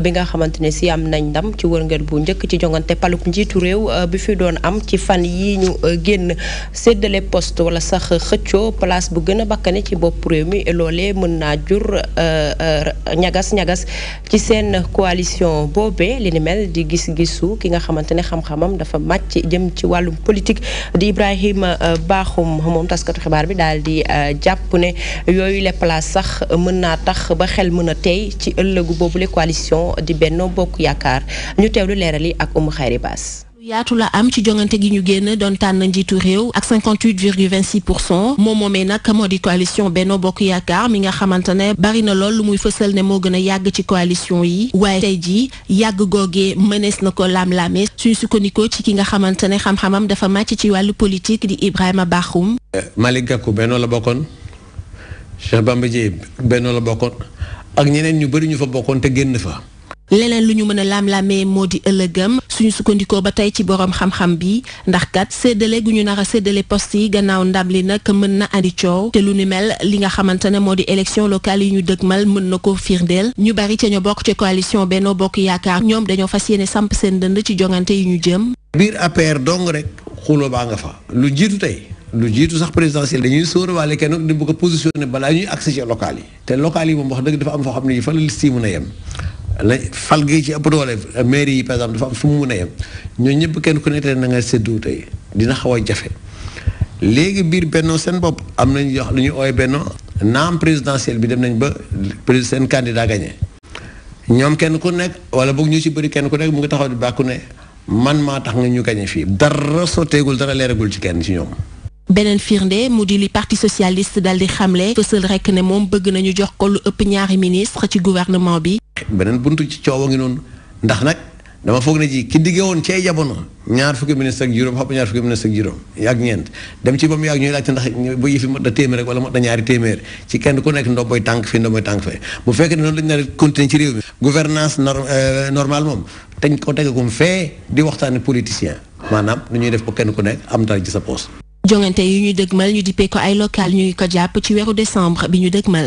Speaker 1: bi nga xamante ne si am nañ ndam ci wërngël bu njëkk ci jongante palug njiitu réew euh, bi fi doon am ci fan yi ñu euh, génn séddale post wala sax xëccoo place bu gën a bakkane ci bopp réew mi loolee mën naa jur euh, ñagas ñagas ci seen coalition boobe li ni mel di gis-gisu ki nga xamante ne xam-xamam dafa màcc jëm ci wàllum politique di Ibrahima Bakhoum moom taskatu xibaar bi daal di di euh, jàpp ne yooyu les places sax meuna tax ba xel meuna tey ci bobu boobule coalition di Benno Bokk Yaakaar ñu tewlu leeral yi ak um Khayri bass
Speaker 4: yaatu la am ci jongante gi ñu génn doon tànn njiitu réew ak 58,26% virgule 26 pour cent moomee nag moo di coalition Benno Bokk Yaakaar mi nga xamante ne bari na lool lu muy fësal ne moo gën a yàgg ci coalition yi waaye tey ji yàgg googee menes na ko laam-laamee suñu sukkandikoo ci ki nga xamante ne xam-xamam dafa màcc ci wàllu politique di Ibrahima Bakhoum.
Speaker 16: Eh, Malick ko Benno la bokkoon Cheikh Bamba Benno la bokkoon ak ñeneen ñu bari ñu fa bokkoon te génn fa
Speaker 4: leneen lu ñu mën a laam-laamee moo di ëllëgam suñu sukkandikoo ba tey ci borom xam-xam bi ndax kat séddale gu ñu nar a séddale poste yi gannaaw ndam li nag mën na andi coow te lu ni mel li nga xamante ne moo di élection locale yi ñu dëgmal mën na ko firndeel ñu bari ca ñu bokk ci coalition Benno Bokk Yaakaar ñoom dañoo fas yéene samp seen dënd ci jongante yi ñu jëm.
Speaker 16: biir APR dong rek xuloo baa nga fa lu jiitu tey. lu jiitu sax présidentiel dañuy sóorawaale kenn di bëgg a positionné balaa ñuy accès ci local yi te local yi moom wax dëgg dafa am foo xam ne fa la liste yi mën a yem la fal gi ci ëpp doole mairie yi par exemple dafa am fu mu mun a yem ñoo ñëpp kenn ku nekk na nga séddoo tey dina xaw a jafe léegi biir bennoo seen bopp am nañu jox lu ñu ooy bennoo naam présidentielle bi dem nañ ba président seen candidat gagné ñoom kenn ku nekk wala boog ñu ci bëri kenn ku nekk mu ngi taxaw di bàkku ne man maa tax nga ñu gagné fii dara sotteegul dara leeragul ci kenn ci ñoom
Speaker 4: benen firnde mu di li parti socialiste dal di xamle fësal rek ne mom bëgg nañu jox ko lu upp ñaari ministre ci gouvernement bi.
Speaker 16: benen buntu ci ciowo ngi non ndax nak dama fogg ne ji ki diggé woon ci ay jamono ñaar fukki ministre ak juróom xam ñaar fukki ministre ak juróom yak ñent dem ci bam mu yàgg ñuy laajte ndax bu yëfi mot da téeméer rek wala mot da ñaari téeméer ci kenn ku nekk ndoboy tank fi ndoboy tank fe bu fekk ne non lañ na a continuer ci réew mi gouvernance euh, normal mom tañ ko teg ko mu di waxtane politicien manam nu ñuy def ko kenn ku nekk am dara ci sa poste
Speaker 4: jongante yi ñu dëgmal ñu dippee ko ay local ñuy ko jàpp ci weeru décembre bi ñu dëgmal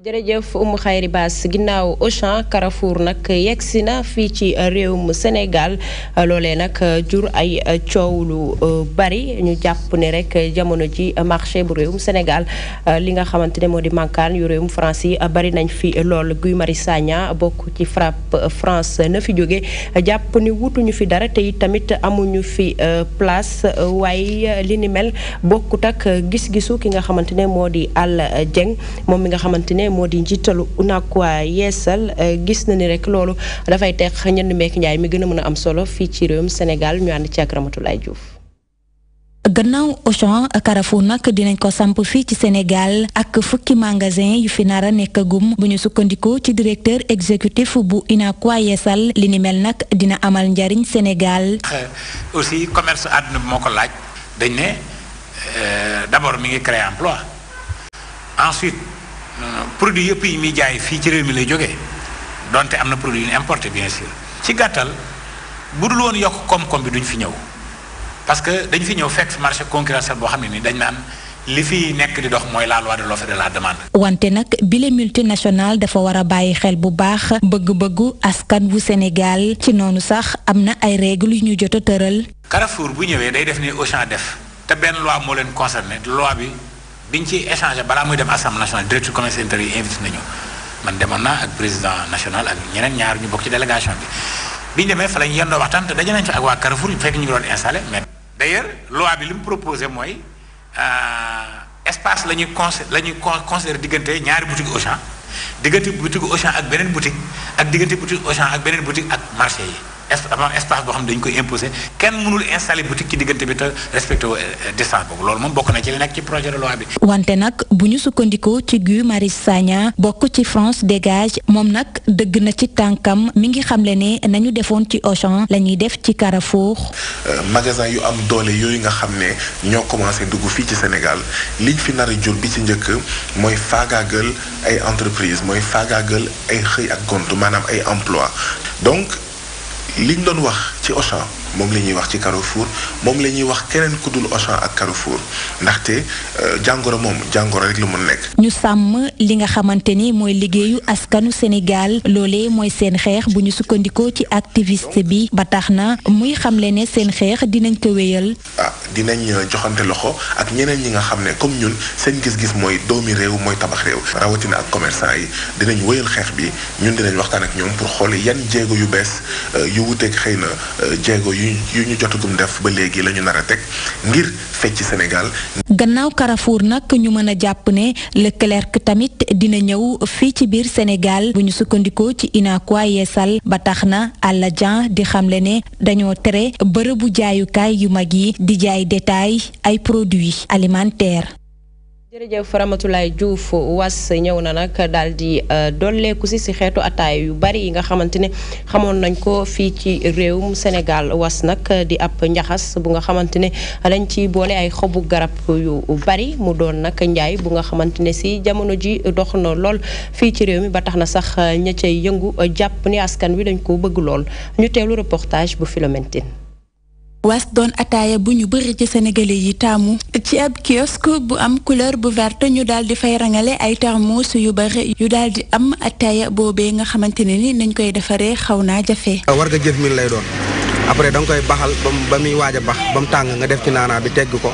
Speaker 1: jërëjëf Oumou Khayri Bass ginnaaw Auchan Carrefour nag yegg si na fii ci réewum Sénégal loole nag jur ay coow lu euh, bari ñu jàpp ne rek jamono ji marché bu réewum Sénégal euh, li nga xamante ne moo di mankaan yu réewum France yi bari nañ fi lool Guy Marius Sagna bokk ci FRAPP France na fi jóge jàpp ni wutuñu fi dara te tamit amuñu fi euh, place waaye li ni mel bokkut ak gis-gisu ki nga xamante ne moo di àll Dieng moom mi nga xamante ne moo di njiitalu UNACOIS yeesal eh, gis na ni rek loolu dafay tex ñenn meek njaay mi gën a mën am solo fii ci réewum Sénégal ñu ànd ci ak Ramatoulaye Diouf.
Speaker 10: gannaaw Auchan Carrefour nag dinañ ko samp fii ci Sénégal ak fukki magasin yu fi nar a nekkagum bu ñu sukkandikoo ci directeur exécutif bu UNACOIS yeesal li ni mel nag dina amal njariñ Sénégal.
Speaker 17: Eh, aussi commerce àdduna bi moo ko laaj dañ ne eh, d'abord mi ngi créer emploi ensuite. produit yëpp yi muy jaay fii ci réew mi lay jógee donte am na produit yu ñu importé bien sûr ci gàttal bu dul woon yokk koom-koom bi duñ fi ñëw parce que dañ fi ñëw fekk marché concurrentiel boo xam ne ni dañ naan li fi nekk di dox mooy la loi de l'offre et la demande.
Speaker 10: wante nag bile multinationale dafa war a bàyyi xel bu baax bëgg-bëggu askan wu Sénégal ci noonu sax am na ay règles yu ñu jot a tëral.
Speaker 17: Carrefour bu ñëwee day def ni Auchan def te benn loi moo leen concerné loi bi. biñ ci échangé balaa muy dem assemblée nationale directeur commerce intérieur yi invité nañu man demoon naa ak président national ak ñeneen ñaar ñu bokk ci délégation bi biñ demee fa lañ yendoo waxtaan te daje nañ fa ak waa Carrefour fekk ñu mooy euh, espace la ñuy conse la ñuy considéré diggante ñaari boutique Auchan diggante boutique Auchan ak beneen boutique ak diggante boutique Auchan ak beneen boutique ak marché yi avant espace boo xam dañ koy imposer kenn mënul installer boutique ci digënté bi te respecté euh, descente boobu loolu moom bokk na ci li nekk ci projet de loi bi.
Speaker 10: wante nag bu ñu sukkandikoo ci Guy Marius Sagna bokk ci France dégage moom nag dëgg na ci tànkam mi ngi xamle ne nañu defoon ci Auchan la ñuy def ci Carrefour.
Speaker 13: Euh, magasin yu am doole yooyu nga xam ne ñoo commencé dugg fii ci Sénégal liñ fi nar a jur bi ci njëkk mooy faagaagal ay entreprise mooy faagaagal ay xëy ak gont maanaam ay emploi donc liñ doon wax ci Auchan moom la ñuy wax ci Carrefour moom la ñuy wax keneen ku dul Auchan ak Carrefour ndaxte euh, jàngoro moom jàngoro rek lu mu nekk.
Speaker 10: ñu sàmm li nga xamante ni mooy liggéeyu askanu Sénégal loolee mooy seen xeex bu ñu sukkandikoo ci activiste bi ba tax na muy xamle ne seen xeex dinañ ko wéyal.
Speaker 13: ah dinañ euh, joxante loxo ak ñeneen ñi nga xam ne comme ñun seen gis-gis mooy doomi réew mooy tabax réew rawatina ak commerçant yi dinañ wéyal xeex bi ñun dinañ waxtaan ak ñoom pour xool yan jéego yu bees euh, yu wuteeg xëy na jéego yu ñu jotagum def ba léegi la ñu teg ngir fecc Sénégal.
Speaker 10: gannaaw karafuur nag ñu mëna jàpp ne Leclerc tamit dina ñëw fii ci biir Sénégal bu ñu sukkandikoo ci Unacois Yeesal ba tax na àllajan di xamle ne dañoo tere bërëbu jaayukaay yu mag yi di jaay détail ay produits alimentaires.
Speaker 1: jërëjëf Ramatoulaye Diouf was ñëw na nag daal di euh, dolleeku si si xeetu ataay yu bari yi nga xamante ne xamoon nañ ko fii ci réew réewum senegal was nag di ab njaxas bu nga xamante ne dañ ci boole ay xobu garab yu bari mu doon nag njaay bu nga xamante ne si jamono ji dox na lool fii ci réew mi ba tax na sax ña cay yëngu jàpp ni askan wi dañ ko bëgg lool ñu teelu reportage bu Philomène
Speaker 18: was doon ataaya bu ñu bëri ci sénégalais yi taamu ci ab kiosque bu am couleur bu verte ñu daal di fay rangale ay thermos yu bëri yu daal di am ataaya boobee nga xamante ne ni nañ koy defaree xaw naa jafe.
Speaker 19: Ah, war nga jëf mi lay doon après da nga koy baxal ba mu ba muy waaj a bax ba tàng nga def ci naanaa bi tegg ko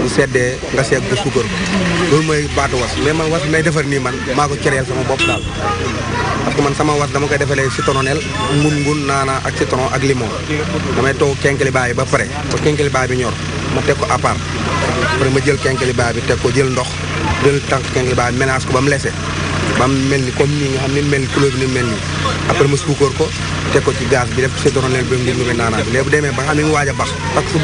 Speaker 19: bu seddee nga seeg bu suukar loolu mooy baatu was mais man was may defar nii man maa ko cereel sama bopp daal. parce man sama was dama koy defalee citronnelle ngun ngun naana ak citron ak limon damay toog kenkelibaay ba pare ba kenkelibaay bi ñor ma teg ko à part ma jël kenkelibaay bi teg ko jël ndox jël tànk kenkelibaay mélange ko ba mu lese ba mel ni comme nii nga xam ne mel ni couleur bi ni mel ko teg ko ci gaz bi def ci citronelle bi mu ngi naanaa bi léegi bu demee ba xam ne mu waaj a bax parce que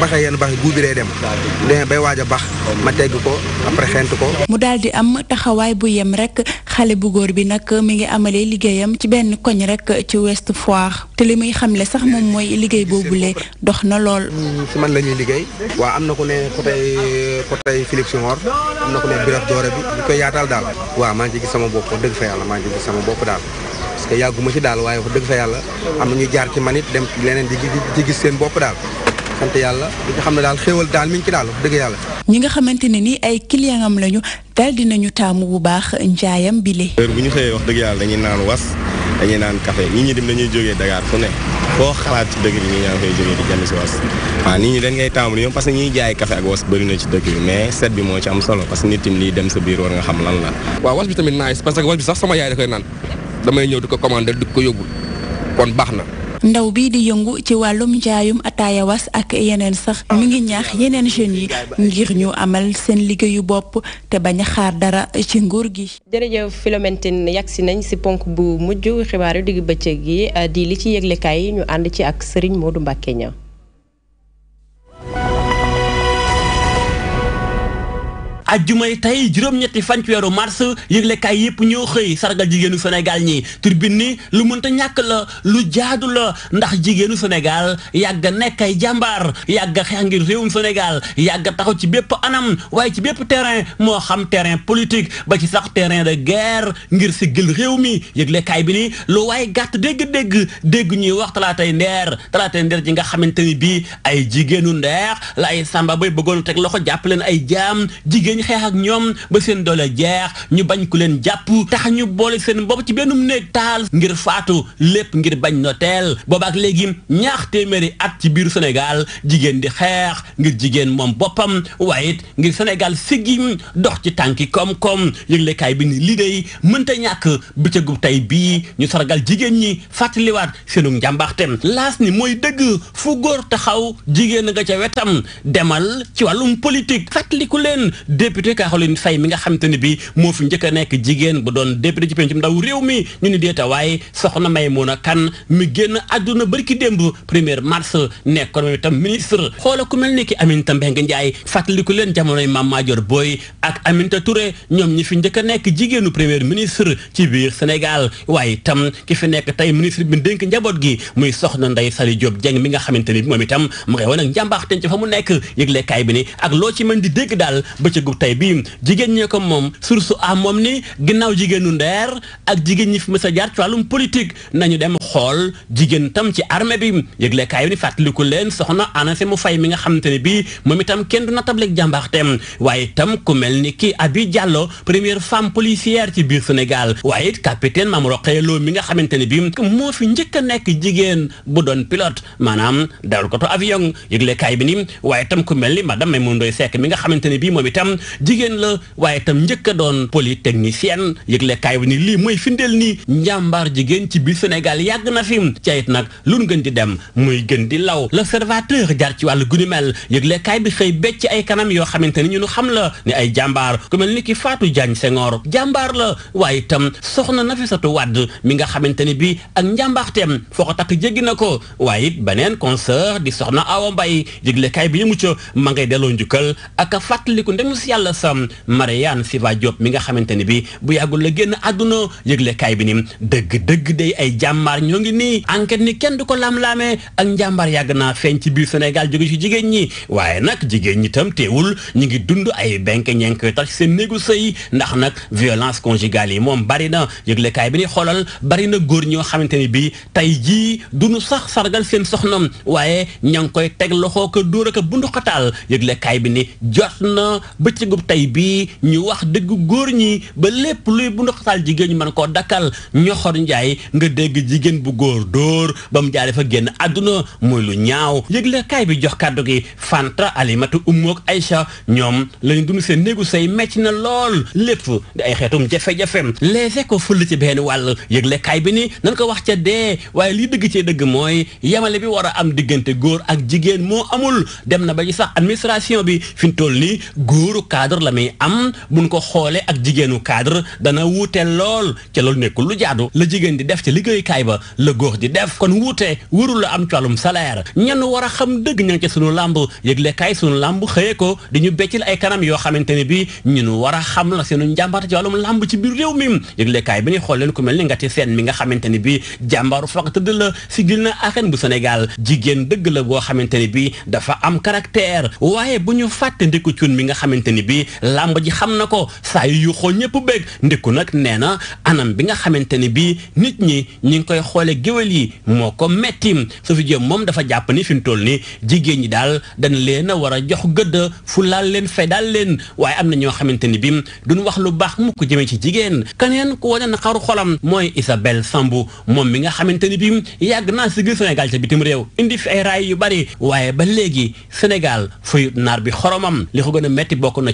Speaker 19: bay waaj a bax ma tegg ko après xent ko
Speaker 18: mu daal di am taxawaay bu yem rek xale bu góor bi nag mi ngi amalee liggéeyam ci benn koñ rek ci West Foire te li muy xamle sax moom mooy liggéey boobule
Speaker 19: dox na lool si man la ñuy liggéey waa am na ku ne côté côté Philippe Senghor am na ku ne Birame Doré bi ñu koy yaatal daal waaw maa ngi sama bopp dëgg fa yàlla maa ngi gis sama bopp daal parce que yàgguma ci daal waaye wax dëgg fa yàlla am na ñu jaar ci man it dem leneen di ci gis seen bopp daal sant yàlla di nga xam ne daal xéewal daal mi ngi ci daal wax dëgg yàlla
Speaker 18: ñi nga xamante ni ay client am lañu daal dinañu taamu bu baax njaayam bile
Speaker 12: heure bu ñu xëyee wax dëgg yàlla dañuy naan was dañuy naan café nit ñi dem dañuy jógee Dakar fu ne foo xalaat ci dëkk bi ñu ñaa koy jógee di jënd si was waaw nit ñi dañ ngay tàmbali ñoom parce que ñuy jaay café ak was bëri na ci dëkk bi mais set bi moo ci am solo parce que nit tim liy dem sa biir war nga xam lan la waaw was bi tamit nice parce que was bi sax sama yaay da koy naan damay ñëw di ko commandé di ko yóbbul kon baax na
Speaker 18: ndaw bii di yëngu ci wàllum njaayum ataaya was ak yeneen sax mu ngi ñaax yeneen jeunes yi ngir ñu amal seen liggéeyu bopp te bañ a xaar dara ci nguur gi.
Speaker 1: jërëjëf Philomène Tine yàgg si nañ si ponk bu mujj xibaaru digg bëccëg yi di li ci yëglekaay yi ñu ànd ci ak Serigne Modou Mbacké Niang.
Speaker 20: ajjumay tay juróom-ñetti fan ci weeru mars kay yépp ñoo xey sargal jigéenu Sénégal ñi turbine ni lu mënta ñak la lu jaadu la ndax jigéenu Sénégal yàgg nekk ay jàmbaar yàgg xeex ngir réewum Sénégal yàgg taxaw ci bép anam way ci bép terrain mo xam terrain politique ba ci sax terrain de guerre ngir gël réew mi kay bi ni lu way gatt dégg-dégg dégg ñi wax talaatay ndeer talaatay ndeer ji nga xamanteni bi ay jigéenu ndeer lay samba bay bëggoon tek loxo jàpp leen ay jam jigéen xeex ak ñoom ba seen doole jeex ñu bañ ku leen jàpp tax ñu boole seen bopp ci benn néeg taal ngir faatu lépp ngir bañ noteel boobaak léegi ñaax téeméeri at ci biir Sénégal jigéen di xeex ngir jigéen moom boppam waaye it ngir Sénégal siggi dox ci tànki koom-koom yëglekaay bi ni lii dey mënta ñàkk bëccëgu tey bii ñu sargal jigéen ñi fàttaliwaat seenu njàmbaxte las ni mooy dëgg fu góor taxaw jigéen nga ca wetam demal ci wàllum politique fàttaliku député Caroline Faye mi nga xamante ni bi moo fi njëkk a nekk jigéen bu doon député ci pencum ndaw réew mi ñu ni deeta waaye soxna Maymuna Kan mi génn àdduna bari ki démb premier mars nekkoon moom itam ministre xoola ku mel ni ki Aminata Mbengue Ndiaye fàttaliku leen jamonoy Mame Madior Boye ak Aminata Touré ñoom ñi fi njëkk nekk jigéenu premier ministre ci biir Sénégal waaye itam ki fi nekk tey ministre bi dénk njaboot gi muy soxna Ndeye Saly Diop Dieng mi nga xamante ni moom itam mu ngay wane ak njàmbaax fa mu nekk yëgle kaay bi ni ak loo ci mën di dégg daal ba ko tey bi jigéen ñee ko moom source a moom ni ginnaaw jigéenu ndeer ak jigéen ñi fi mës a jaar ci wàllum nañu dem xool jigéen tam ci armée bi yëgle kaay bi ni fàttaliku leen soxna anacé mu fay mi nga xamante ne bii moom kenn du natableeg jàmbaaxteem waaye itam ku mel ni kii Abi Diallo première femme policière ci biir Sénégal waaye it capitaine Mame Rokhaya Lo mi nga xamante ne bii moo fi njëkk nekk jigéen bu doon pilote maanaam dawal ko to avion yëgle kaay bi ni waaye itam ku mel ni madame Maimouna Ndoye Seck mi nga xamante ne bii moom itam jigéen la waaye tam njëkk a doon polytechnicienne yëgle kaay bi ni lii mooy findeel nii njàmbaar jigéen ci biir Sénégal yàgg na fi cayit nag lun gën di dem muy gën di law l'observateur jaar ci wàllu guni mel yëgle bi xëy becc ay kanam yoo xamante ni ñu nu xam la ni ay jàmbaar ku mel ni ki Fatou Diagne Senghor jàmbaar la waaye tam soxna na Nafisatu Wadd mi nga xamante ni bi ak njàmbaarteem foo ko takk jéggi na ko waaye it beneen concert di soxna Awa Mbaye yëgle bi yëmu ca ma ngay delloo yàlla sa Mariane Siva Diop mi nga xamante ni bi bu yàggul la génn àdduna yëgle kaay bi ni dëgg-dëgg day ay jàmbaar ñoo ngi nii enquête ni kenn du ko lam-laamee ak njàmbaar yàgg naa feeñ ci biir Sénégal jóge ci jigéen ñi waaye nag jigéen ñi tam teewul ñu ngi dund ay benk ñenk tax seen néegu sëy ndax nag violence conjugale yi moom bari na yëgle kaay bi ni xoolal bari na góor ñoo xamante ni bi tey jii duñu sax sargal seen soxna waaye ña koy teg loxoo ko dóor ak bundu xataal yëgle kaay bëccëgub tey bii ñu wax dëgg góor ñi ba lépp luy bu ndoxtaal jigéen ñi mën koo dakkal ñoxor njaay nga dégg jigéen bu góor dóor ba mu jaaree fa génn àdduna muy lu ñaaw yëgle kaay bi jox kàddu gi Fanta Alimatu Umu ay Aïcha ñoom lañu dund seen néegu say mecc na lool lépp di ay xeetum jafe-jafe leese ko fël ci benn wàll yëgle bi ni nan ko wax ca dee waaye lii dëgg cee dëgg mooy yamale bi war a am diggante góor ak jigéen moo amul dem na ba ci sax administration cadre la muy am buñ ko xoolee ak jigéenu cadre dana wuute lool ca loolu nekkul lu jaadu la jigéen di def ca liggéeykaay ba la góor di def kon wuute warul la am coolum salaire ñenn war a xam dëgg ña ngi ca sunu làmb yëgle kaay sunu làmb xëyee ko di ñu beccil ay kanam yoo xamante ne bi ñun war a xam la seenu njàmbaar ci wàllum làmb ci biir réew mi yëgle kaay bi ñuy xool leen ku ni nga ti seen mi nga xamante ne bi jàmbaaru faq tëdd la si gil na arène bu Sénégal jigéen dëgg la boo xamante ne bi dafa am caractère waaye bu ñu fàtte ndiku cuun mi nga xamante bi làmb ji xam na ko saa yu yuuxoo ñëpp bëgg ndikku nag nee na anam bi nga xamante ni bii nit ñi ñu ngi koy xoole géwél yi moo ko metti su fi jëm moom dafa jàpp ni fi mu toll ni jigéen ñi daal dañ leen a war a jox gëdd fu laal leen fay daal leen waaye am na ñoo xamante ni bi duñ wax lu baax mukk ko jëmee ci jigéen keneen ko wane na xaru xolam mooy Isabelle Sambou moom mi nga xamante ni bi yàgg naa si biir Sénégal ca bitim réew indi fi ay yu bari waaye ba léegi Sénégal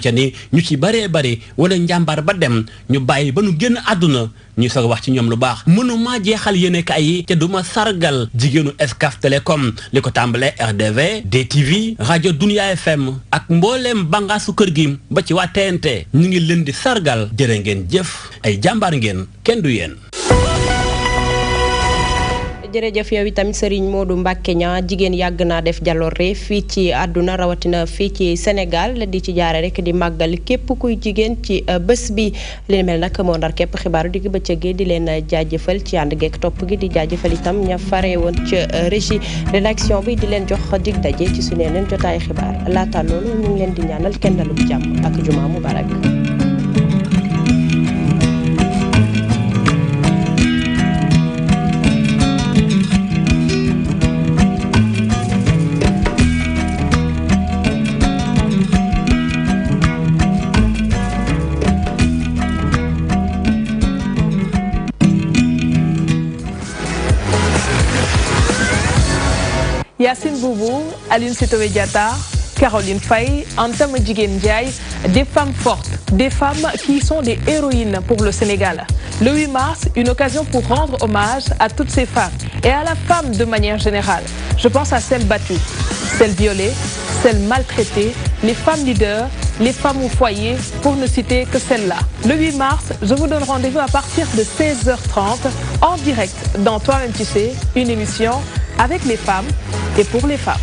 Speaker 20: boole ca ni ñu ci baree bari wala njàmbaar ba dem ñu bàyyi ba nu génn àdduna ñu soog wax ci ñoom lu baax mënuma jeexal yéene kaay yi te duma sargal jigéenu Excaf Télécom li ko tàmbalee RDV DTV rajo Dunia FM ak mbooleem bàngaasu kër gi ba ci waa TNT ñu ngi leen di sargal jëre ngeen jëf ay jàmbaar ngeen kenn du yéen
Speaker 1: jërëjëf yow itam Serigne Modou Mbacke ña jigéen yàgg naa def jaloore fii ci àdduna rawatina fii ci Sénégal di ci jaare rek di màggal képp kuy jigéen ci euh, bés bi li mel nag moo ndar képp xibaar digg bëccëg gi di leen euh, jaajëfal ci ànd geek topp gi di jaajëfal itam ña fare woon ca euh, régie rédaction bi di leen jox dig daje ci su neeneen jotaay xibaar laata loolu ñu ngi leen di ñaanal kenn dalub jàmm ak jumaa mubarak
Speaker 3: Yacine Boubou,
Speaker 4: Aline Seto Mediata, Caroline Faye, Anthem Djigen des femmes fortes, des femmes qui sont des héroïnes pour le Sénégal. Le 8 mars, une occasion pour rendre hommage à toutes ces femmes et à la femme de manière générale. Je pense à celles battues, celles violées, celles maltraitées, les femmes leaders, les femmes au foyer, pour ne citer que celles-là. Le 8 mars, je vous donne rendez-vous à partir de 16h30 en direct dans Toi-même tu sais, une émission avec les femmes et pour les femmes.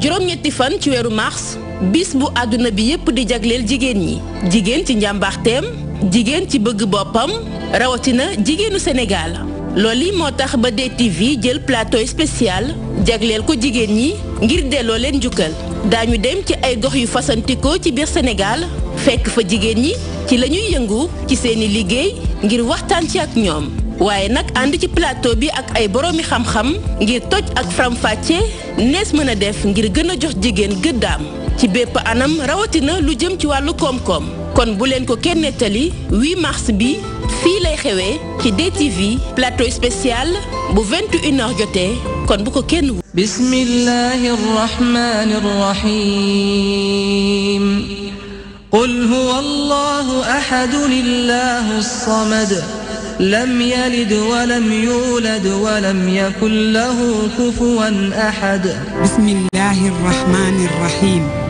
Speaker 4: Jérôme ñetti fan ci au mars bis bu aduna bi yépp di jagleel jigéen ñi jigéen ci njàmbaarteem jigéen ci bëgg boppam rawatina jigéenu Sénégal loolu li moo tax ba DTV jël plateau special jagleel ko jigéen ñi ngir delloo leen njukkal daañu dem ci ay gox yu fasantikoo ci biir Sénégal fekk fa jigéen ñi ci la ñuy yëngu ci seeni liggéey ngir waxtaan ci ak ñoom waaye nag ànd ci plateau bi ak ay boroomi xam-xam ngir toj ak faram-fàcce nees mën a def ngir gën a jox jigéen gëddaam ci bépp anam rawatina lu jëm ci wàllu koom-koom kon bu leen ko kenn nettali 8 mars bi fii lay xewee ci DTV plateau spécial bu 21 heures jotee kon bu
Speaker 3: ko kenn. bismillahi rahmani rahim. qul huwa allahu ahadun illahu samad. لم يلد ولم يولد ولم يكن له كفوا أحد بسم الله الرحمن الرحيم